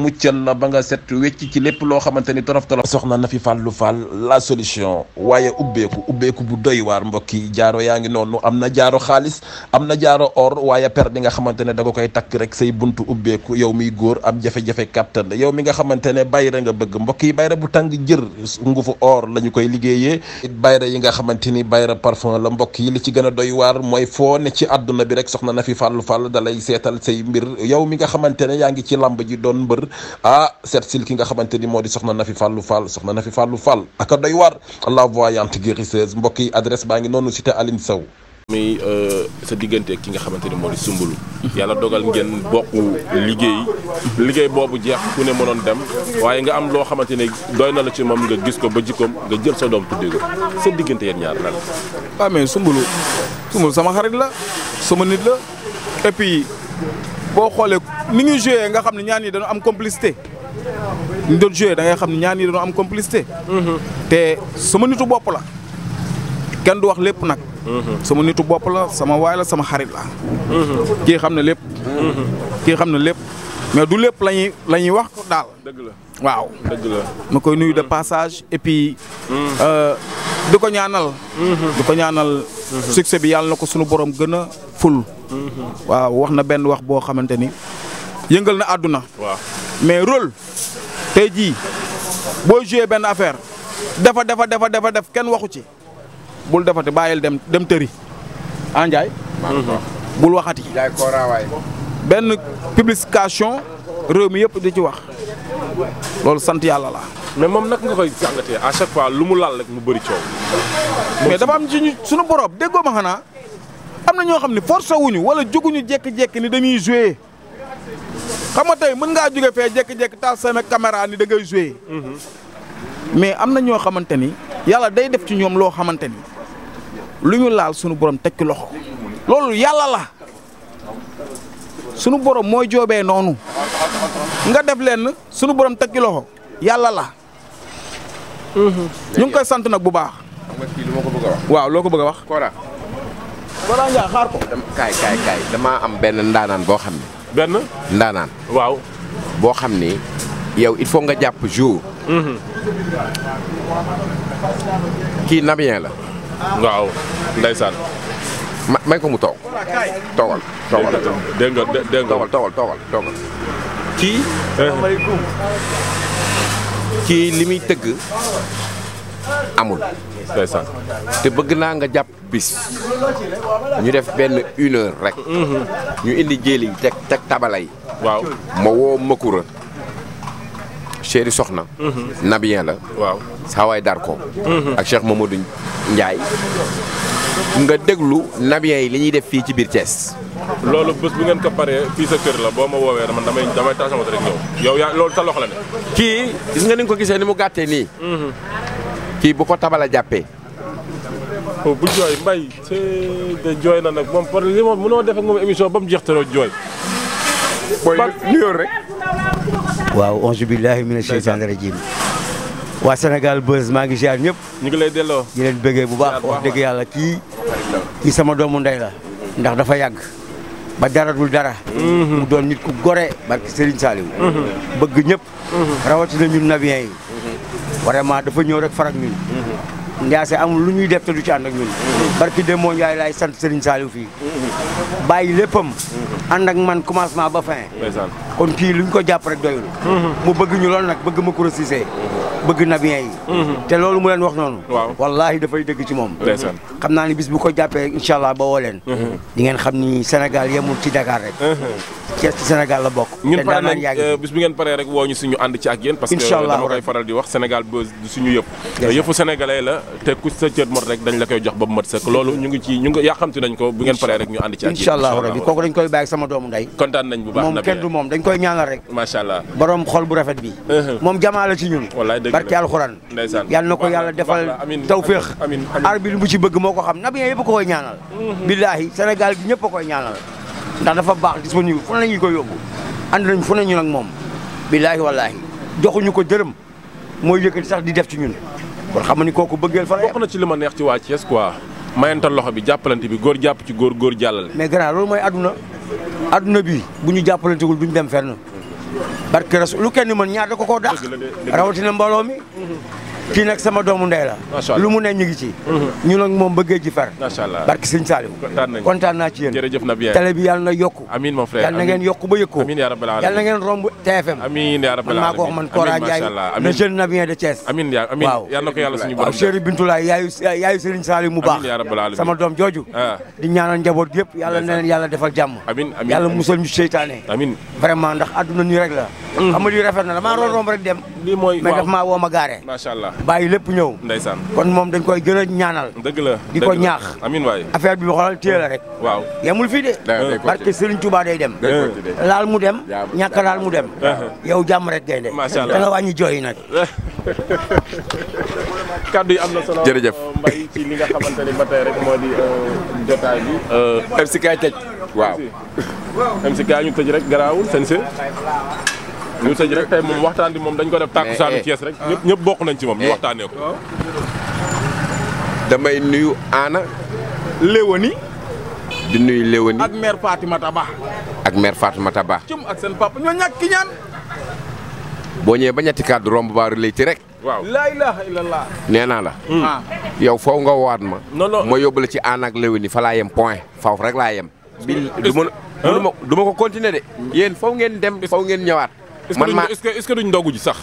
muccal la ba nga set wecc ci lépp loo xamante ni torof torof soxna na fi fàllu fàll la solution waaye ubbeeku ubbeeku bu doy waar mbokki jaaro yaa ngi noonu am na jaaro xaalis am na jaaro or waaye per bi nga xamante ne da nga koy takk rek say buntu ubbeeku yow miy góor am jafe-jafe kàttan yow mi nga xamante ne bayra nga bëgg mbokk yi bayra bu tàng jër ngufu or la koy liggéeyee bayra yi nga xamante ni bayra parfum la mbokk yi li ci gën a doy waar mooy foo ne ci àdduna bi rek soxna na fi fàllu fàll dalay seetal say mbir yow mi nga xamante ne yaa ah seet sil ki nga xamante ni moo di soxna Nafi Fallou Fall soxna Nafi Fallou Fall aka doy waar la voyante guérisseuse mbokk yi adresse baa ngi noonu cité Aline Sow muy euh, sa diggante ki nga xamante ni moo di sumbulu yàlla dogal ngeen bokk liggéey liggéey boobu jeex ku ne mënoon dem waaye nga am loo xamante ne doy na la ci moom nga gis ko ba jikkoom nga jël sa doom tuddee ko sa diggante yéen ñaar lan waaw ah, mais sumbulu sumbulu sama xarit la sama nit la et boo xoolee ni ñuy joué nga xam ne ñaan yi dañu am complicité ñu doon joué da ngay xam ne ñaan yi dañu am complicité. Mhm. te sama nitu bopp la kenn du wax lépp nag. Mhm. sama nitu bopp la sama waay la sama xarit la. Mhm. kii xam ne lépp. kii xam ne lépp mais du lépp la ñuy la ñuy wax daal. dëgg la waaw. dëgg la ma koy nuyu de passage et puis. Euh, di ko ñaanal. di ko ñaanal. succès bi yàlla na ko sunu borom gën a ful. waaw wax na benn wax boo xamante ni yëngal na àdduna. waaw mais rôle tey jii boo joué benn affaire dafa dafa dafa dafa def kenn waxu ci bul defati bàyyil dem dem tëri ah Ndiaye. Mm-hmm. bul waxati. Ndiaye Korawaay. benn publication réew mi yëpp di ci wax loolu sant yàlla la mais moom nag nga koy jàngatee à chaque fois lu mu laal rek mu bëri coow. mais dafa am suñu borom déggoo ma xanaa. am na ñoo xam ne force wuñu wala juguñu jékki-jékki ni dañuy jouer xam nga tey mën ngaa jóge fee jékki-jékki taal sama caméra ni da ngay mais am na ñoo xamante ni yàlla day def ci ñoom loo xamante ni lu ñu laal sunu borom tekki loolu yàlla la sunu borom mooy joobee noonu nga def leen sunu borom tekki yàlla la. Mhm. ñu koy sant nag bu baax. xam nga kii lu waaw loo ko bëgg a wax. Kora kaay kaay kaay damaa am benn ndaanaan boo xam ne. benn ndaanaan. waaw boo xam ni yow il faut nga jàpp jour. Mhm. kii Namien la. waaw ndeysaan. ma may ko mu toog. toogal toogal dégg nga kii. Eh. kii li muy tëgg. amul. ndeysaan te bëgg naa nga jàpp bis ñu def benn une heure rek. Mhm. ñu indi jéeli yi teg tabala yi. waaw ma woo Makura. chéri soxna. Mhm. Nabien la. waaw Saawaay Darko. Mhm. ak Cheikh Mamadou Ndiaye. nga déglu Nabien yi li ñuy def fii ci biir Thiès. loolu bés bu ngeen ko paree fii sa kër la boo ma woowee man damay damay rek yow yow yaa loolu sa loxo ne. kii gis nga ni ko gisee ni mu gàttee nii. kii bu ko tabala jàppee. Oh, bu jooy mbay de jooy na nag moom par li moom mënoo def ak moom émission ba mu jeex te jooy. booy nuyoo rek. waaw auzu billaahi mina sheytaani rajiim waa Sénégal Buzz maa ngi ziar ñëpp. ñu ngi lay delloo. di bu baax wax dëgg yàlla kii. kii sama doomu ndey la. ndax dafa yàgg. ba dara dul dara. Mhm. mu doon nit ku gore barki Serigne Saliou. Mhm. bëgg ñëpp. Mhm. rawatina ñun nabiyen yi. vraiment dafa ñëw rek farak ñun mhm. Ndiassé amul lu ñuy def te du ci ànd ak ñun mhm. barki de moo Ndiaye laay sant Serigne Saliou fii mhm. bàyyi léppam ànd ak man commencement ba fin kon kii lu ñu ko jàpp rek doyul mu bëgg ñu lool nag bëgg ma ko bëgg nabiyen yi mhm. te loolu mu leen wax noonu wallahi dafay dëgg ci moom xam naa ni bis bu ko jàppee incha allah ba woo mhm. di ngeen xam ni Sénégal yemul ci Dakar rek Cees mhm. ci Sénégal la bokk euh, ñu suñu ànd ba suñu yëpp euh, yëfu la te ku sa cër mot rek dañ la koy jox ba mat sëkk loolu ñu ngi ci ñu ngi yàqamti nañ ko bu ngeen paree rek ñu ànd ci ak yéen incha allah rabbi kooku dañ koy bàyyi sama doomu ndey kontaan nañ bu baax moom kenn moom dañ koy ñaanal barke alxuraan yàlla na ko yàlla defal tawféex arbitre bu ci bëgg moo ko xam na bien yëpp ko koy ñaanal mhm. billaahi Sénégal gi ñëpp a koy ñaanal ndax dafa baax disponible fu ne la ñu koy yóbbu ànd nañ fu na ñu nag moom billaahi wallaahi joxuñu ko dërëm mooy yëkkati sax di def ci ñun kon xam ni kooku bëggeel fa bokk na ci li ma neex ci waa Thiès quoi mayantal loxo bi jàppalante bi góor jàpp ci góor góor jàllal mais grand loolu mooy aduna aduna bi bu ñu jàppalantewul duñ dem fenn barke lu kenn mën ñaar da ko koo dàq rawatina kii nag sama doomu ndey la lu mu ne ñu ngi ci mhm. ñu nag moom bëggee ji far macha allah barki sëñ Saliou kontaan naa ci yéen jërëjëf na bien télé bi yàlla na yokku amiin na ngeen yokku ba yëkkoo amiin na ngeen romb TFM amiin yaa rabbal alamin maa ko na jeune na de Thiès amiin yaa na ko yàlla suñu borom mu baax sama doom jooju ah. di ñaanal njaboot yëpp yàlla na leen yàlla defal jàmm seytaane vraiment ndax adduna ñu rek la mm. xam nga li na damaa romb rek dem lii mooy mais daf maa gaare macha allah bàyyi lépp ñëw ndeysaan kon moom dañ koy gën a ñaanal dëgg di ko ñaax amiin affaire bi xoolal téye rek waaw yemul fii de parce que day dem eh. laal mu dem ñàkk laal mu dem yow jàmm rek gay de macha allah jooy nag kaddu yi am na solo jërëjëf moo di euh, jotaay bi euh, MC kaay tëj waaw MC kaay ñu tëj rek garaawul sensé Moussa Dieng rek tey moom waxtaan bi moom dañ ko def tàkkusaanu eh, eh. Thiès rek. Ah. ñëpp ñëpp bokk nañ ci moom ñu eh. waxtaanee ko. damay nuyu Aana. Léwani. di nuyu Léwani ak mère Fatimata Ba. ak mat a baax cum ak seen papa ñoo ñàkk ki boo ñëwee ba ñetti kàddu romb baaru lay ci rek. waaw laa ilaaha illallah. nee naa la. Hmm. Ah. yow nga waat ma. non non ma ci Aana ak Léwani fa laa yem point foofu rek laa yem. bi du ma ko continuer de. yéen foofu ngeen dem foofu ngeen ñëwaat. man ma est-ce que duñ ndogu ji sax.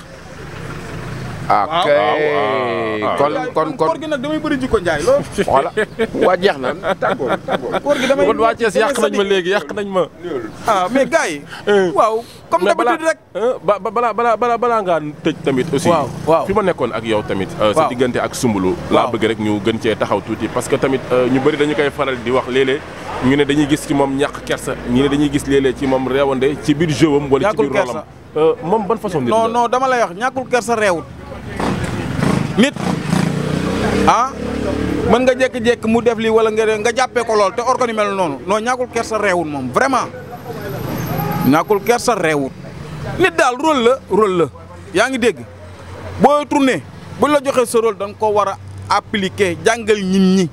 ok ah, ah, kon kon kon koor gi nag damay bëri jikko njaay lool. voilà waa jeex na tàggoo tàggoo gi damay kon yàq nañ ma léegi yàq nañ ma. ah mais gars yi. Eh. waaw comme d'habitude rek. Eh, ba balaa balaa balaa ngaa tëj tamit. aussi fi ma nekkoon ak yow tamit. Euh, sa diggante ak Soumboulou. laa bëgg rek ñu gën cee taxaw tuuti parce que tamit euh, ñu bëri dañu koy faral di wax léeg ñu ne dañuy gis ci moom ñàq kersa ñu ne dañuy gis léeg ci moom réewande ci biir Euh, moom ban façon. nit non dama lay wax ñàkkul kersa réewut nit ah mën nga jékki mu def lii wala nga nga jàppe ko lool te organi mel noonu noo ñàkkul kersa réewut moom vraiment ñàkkul kersa réewut nit daal rôle la rôle la yaa ngi dégg boo tourné buñ la joxee sa rôle da ko war a appliquer jàngal nit ñi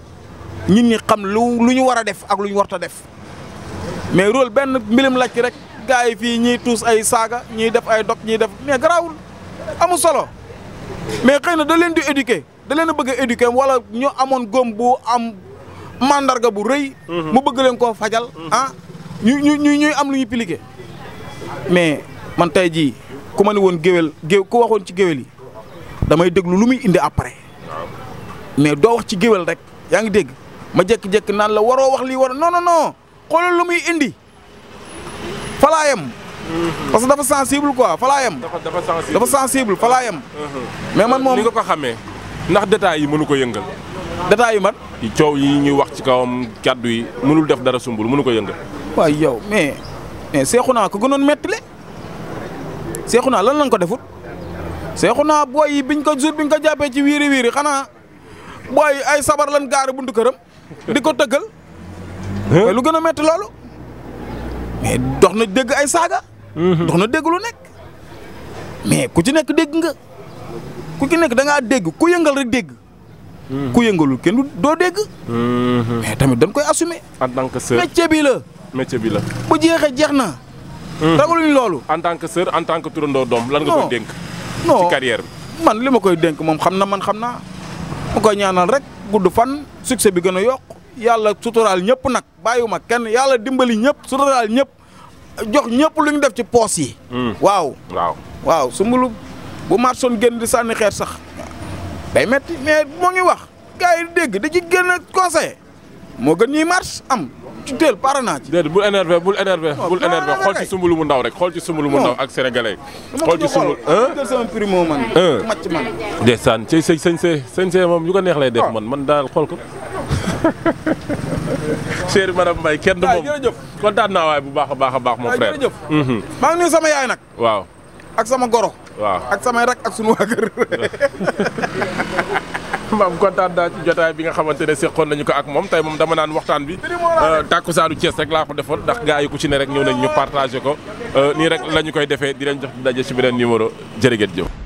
nit ñi xam lu lu ñu war a def ak lu ñu ta def mais rôle benn mbilim lacc rek. gars yi fii ñiy tuus ay saaga ñiy def ay dog ñiy def mais garaawul amul solo mais xëy na da leen di éduquer da a bëgg a éduquer wala ñu amoon góom bu am màndarga bu rëy. Mhm. mu bëgg leen koo fajal. Mhm. ah ñu ñu ñuy am lu ñu piliqué mais man tey jii ku ma ne woon géwél géw ku waxoon ci géwel yi damay déglu lu muy indi après mais doo wax ci géwel rek yaa ngi dégg ma jékki-jékki naan la waroo wax lii war non non non lu muy indi. falaayam mhm. parce que dafa sensible quoi falaayam dafa sensible dafa sensible falaayam mhm. mais man moom ni nga ko xamee ndax détails yi mënu ko yëngal. détails yi man. coow yi ñuy wax ci kawam kàddu yi mënul def dara sumbul mënu ko yëngal. waaye yow mais mais Seexuna ko gënoon metti le Seexuna lan lañ ko defut Seexuna booy yi biñ ko jour biñ ko jàppee ci wiiri wiiri xanaa booy ay sabar lan gaari buntu këram di ko tëggal. lu gën a metti loolu. mais dox na dégg ay saaga. Mhm. dox na dégg lu nekk. mais ku ci nekk dégg nga ku ci nekk da ngaa dégg ku yëngal rek dégg. Mhm. ku yëngalul kenn doo dégg. Mhm. mais tamit dañ koy assumer. en tant que sœur bi la. métier bi la bu jeexee jeex na. ragaluñ loolu. en tant que sœur en que turandoo doom lan nga koy dénk. non man li ma koy dénk moom xam na man xam naa. ma koy ñaanal rek gudd fan succès bi gën a yokk. yàlla suturaal ñëpp nag ma kenn yàlla dimbali ñëpp suturaal ñëpp jox ñëpp lu ñu def ci poos yi. Hmm. waaw. waaw waaw Soumboulou bu marson génn di sànni xeer sax day metti mais moo ngi wax gars yi dégg da ci gën a conseillé moo gën ñuy marche am. ci teel pare naa ci. déedéet bul énervé bul énervé bul énervé xool ci Soumboulou mu ndaw rek xool ci Soumboulou mu ndaw ak sénégalais yi. xool ci Soumboulou ah jël sama primo man. ah match man. ndeysaan ci sëñ sëñ see sëñ see moom yu ko neex lay def man man daal xool ko. chéri madame Mbaye kenn du moom jërëjëf kontaan naa waay bu baax a baax a baax. mon frère jërëjëf. Mhm. maa ngi nuyu sama yaay nag. waaw ak sama goro. waaw ak samay rek ak sunu waa kër. maam kontaan naa jotaay bi nga xamante ne seqoon nañu ko ak moom tey moom dama naan waxtaan bi euh, tàkkusaanu cees rek laa ko defoon ndax gaa yi ku ci ne rek ñëw nañ ñu partagé ko euh, nii rek la ñu koy defee di leen jox di daje ci beneen numéro jërëjëf